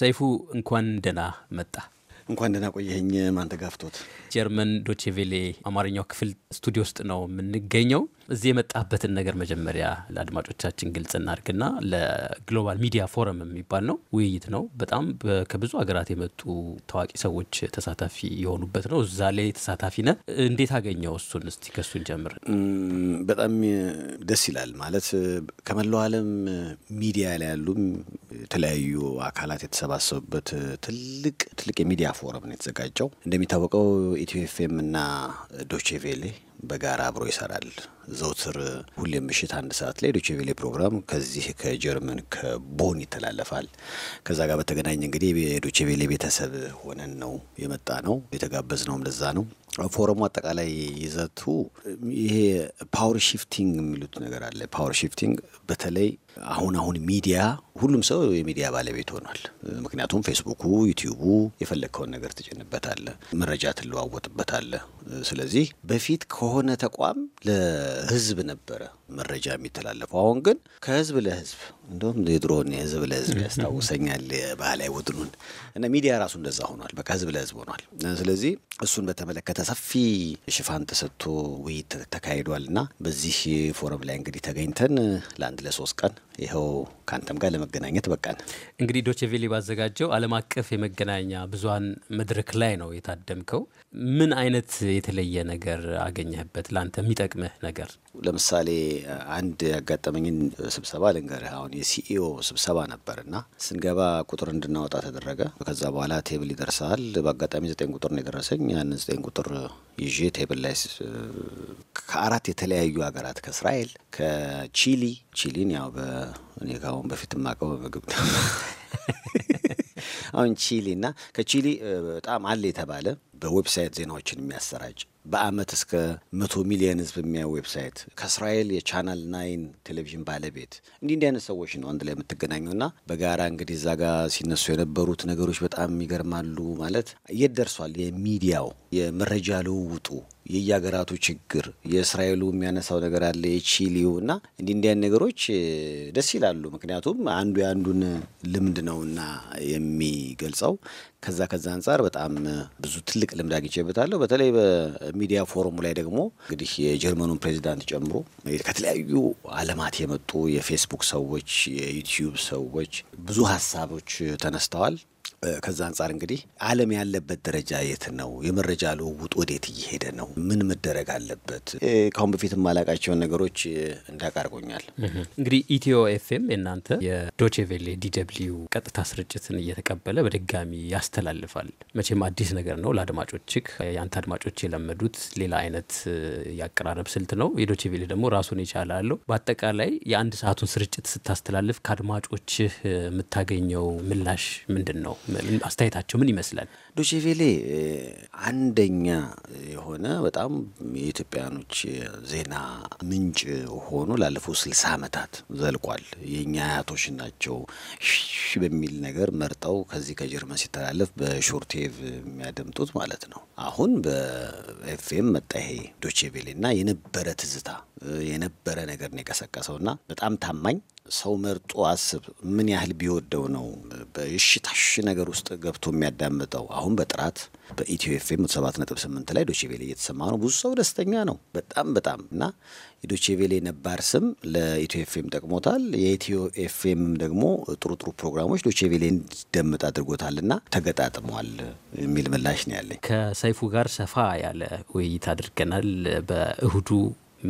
ሰይፉ እንኳን ደህና መጣ። እንኳን ደህና ቆየኝ። ተጋፍቶት ጀርመን ዶቼቬሌ አማርኛው ክፍል ስቱዲዮ ውስጥ ነው የምንገኘው። እዚህ የመጣበትን ነገር መጀመሪያ ለአድማጮቻችን ግልጽ እናድርግና ለግሎባል ሚዲያ ፎረም የሚባል ነው፣ ውይይት ነው። በጣም ከብዙ ሀገራት የመጡ ታዋቂ ሰዎች ተሳታፊ የሆኑበት ነው። እዛ ላይ ተሳታፊ ነ እንዴት አገኘው? እሱን እስቲ ከሱን ጀምር። በጣም ደስ ይላል ማለት ከመላው ዓለም ሚዲያ ላይ ያሉ የተለያዩ አካላት የተሰባሰቡበት ትልቅ ትልቅ የሚዲያ ፎረም ነው የተዘጋጀው። እንደሚታወቀው ኢትዮ ኤፍኤም እና ዶቼ ቬሌ በጋራ አብሮ ይሰራል። ዘውትር ሁሌ ምሽት አንድ ሰዓት ላይ ዶቼ ቬሌ ፕሮግራም ከዚህ ከጀርመን ከቦን ይተላለፋል። ከዛ ጋር በተገናኘ እንግዲህ የዶቼ ቬሌ ቤተሰብ ሆነን ነው የመጣ ነው ነውም ለዛ ነው። ፎረሙ አጠቃላይ ይዘቱ ይሄ ፓወር ሺፍቲንግ የሚሉት ነገር አለ። ፓወር ሺፍቲንግ በተለይ አሁን አሁን ሚዲያ ሁሉም ሰው የሚዲያ ባለቤት ሆኗል። ምክንያቱም ፌስቡኩ፣ ዩቲዩቡ የፈለግከውን ነገር ትጭንበታለ፣ መረጃ ትለዋወጥበታለ። ስለዚህ በፊት ከሆነ ተቋም لهزب نبره መረጃ የሚተላለፈው። አሁን ግን ከህዝብ ለህዝብ እንዲሁም የድሮን የህዝብ ለህዝብ ያስታውሰኛል የባህላዊ ቡድኑን እና ሚዲያ ራሱ እንደዛ ሆኗል። በቃ ህዝብ ለህዝብ ሆኗል። ስለዚህ እሱን በተመለከተ ሰፊ ሽፋን ተሰጥቶ ውይይት ተካሂዷል እና በዚህ ፎረም ላይ እንግዲህ ተገኝተን ለአንድ ለሶስት ቀን ይኸው ከአንተም ጋር ለመገናኘት በቃን። እንግዲህ ዶችቬሌ ባዘጋጀው ዓለም አቀፍ የመገናኛ ብዙሀን መድረክ ላይ ነው የታደምከው። ምን አይነት የተለየ ነገር አገኘህበት? ለአንተ የሚጠቅምህ ነገር ለምሳሌ አንድ ያጋጠመኝን ስብሰባ ልንገርህ። አሁን የሲኢኦ ስብሰባ ነበር እና ስንገባ ቁጥር እንድናወጣ ተደረገ። ከዛ በኋላ ቴብል ይደርሳል። በአጋጣሚ ዘጠኝ ቁጥር ነው የደረሰኝ። ያንን ዘጠኝ ቁጥር ይዤ ቴብል ላይ ከአራት የተለያዩ ሀገራት ከእስራኤል፣ ከቺሊ ቺሊን ያው በእኔ ካሁን በፊት የማውቀው በምግብ ነው አሁን ቺሊ እና ከቺሊ በጣም አለ የተባለ በዌብሳይት ዜናዎችን የሚያሰራጭ በአመት እስከ መቶ ሚሊየን ህዝብ የሚያዩ ዌብሳይት ከእስራኤል የቻናል ናይን ቴሌቪዥን ባለቤት እንዲህ እንዲህ አይነት ሰዎች ነው አንድ ላይ የምትገናኘው ና በጋራ እንግዲህ እዛ ጋር ሲነሱ የነበሩት ነገሮች በጣም ይገርማሉ። ማለት የት ደርሷል የሚዲያው የመረጃ ልውውጡ የየሀገራቱ ችግር የእስራኤሉ የሚያነሳው ነገር አለ፣ የቺሊው እና እንዲህ እንዲህ አይነት ነገሮች ደስ ይላሉ። ምክንያቱም አንዱ የአንዱን ልምድ ነውና የሚገልጸው። ከዛ ከዛ አንጻር በጣም ብዙ ትልቅ ልምድ አግኝቼበታለሁ። በተለይ ሚዲያ ፎረሙ ላይ ደግሞ እንግዲህ የጀርመኑን ፕሬዚዳንት ጨምሮ ከተለያዩ አለማት የመጡ የፌስቡክ ሰዎች፣ የዩቲዩብ ሰዎች ብዙ ሀሳቦች ተነስተዋል። ከዛ አንጻር እንግዲህ ዓለም ያለበት ደረጃ የት ነው? የመረጃ ልውውጥ ወዴት እየሄደ ነው? ምን መደረግ አለበት? ከአሁን በፊት ማላቃቸውን ነገሮች እንዳቃርጎኛል። እንግዲህ ኢትዮ ኤፍኤም የእናንተ የዶቼቬሌ ዲደብልዩ ቀጥታ ስርጭትን እየተቀበለ በድጋሚ ያስተላልፋል። መቼም አዲስ ነገር ነው ለአድማጮች። የአንተ አድማጮች የለመዱት ሌላ አይነት የአቀራረብ ስልት ነው። የዶቼቬሌ ደግሞ ራሱን የቻለ አለው። በአጠቃላይ የአንድ ሰዓቱን ስርጭት ስታስተላልፍ ከአድማጮችህ የምታገኘው ምላሽ ምንድን ነው? አስተያየታቸው ምን ይመስላል? ዶቼቬሌ አንደኛ የሆነ በጣም የኢትዮጵያኖች ዜና ምንጭ ሆኖ ላለፈው ስልሳ ዓመታት ዘልቋል። የእኛ አያቶች ናቸው ሺ በሚል ነገር መርጠው ከዚህ ከጀርመን ሲተላለፍ በሾርቴቭ የሚያደምጡት ማለት ነው። አሁን በኤፍኤም መጣ ይሄ ዶቼቬሌ እና የነበረ ትዝታ የነበረ ነገር ነው የቀሰቀሰው እና በጣም ታማኝ ሰው መርጦ አስብ ምን ያህል ቢወደው ነው በሽታሽ ነገር ውስጥ ገብቶ የሚያዳምጠው? አሁን በጥራት በኢትዮ ነጥብ ስምንት ላይ ዶቼቬሌ እየተሰማ ነው። ብዙ ሰው ደስተኛ ነው። በጣም በጣም እና የዶቼቬሌ ነባር ስም ለኢትዮ ኤፍኤም ጠቅሞታል። የኢትዮ ኤፍኤም ደግሞ ጥሩ ጥሩ ፕሮግራሞች ዶቼቬሌ እንዲደምጥ አድርጎታል እና ተገጣጥሟል የሚል ምላሽ ነው ያለኝ። ከሰይፉ ጋር ሰፋ ያለ ውይይት አድርገናል በእሁዱ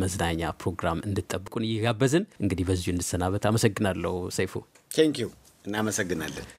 መዝናኛ ፕሮግራም እንድጠብቁን እየጋበዝን እንግዲህ በዚሁ እንድሰናበት አመሰግናለሁ ሰይፉ። ቴንኪው። እናመሰግናለን።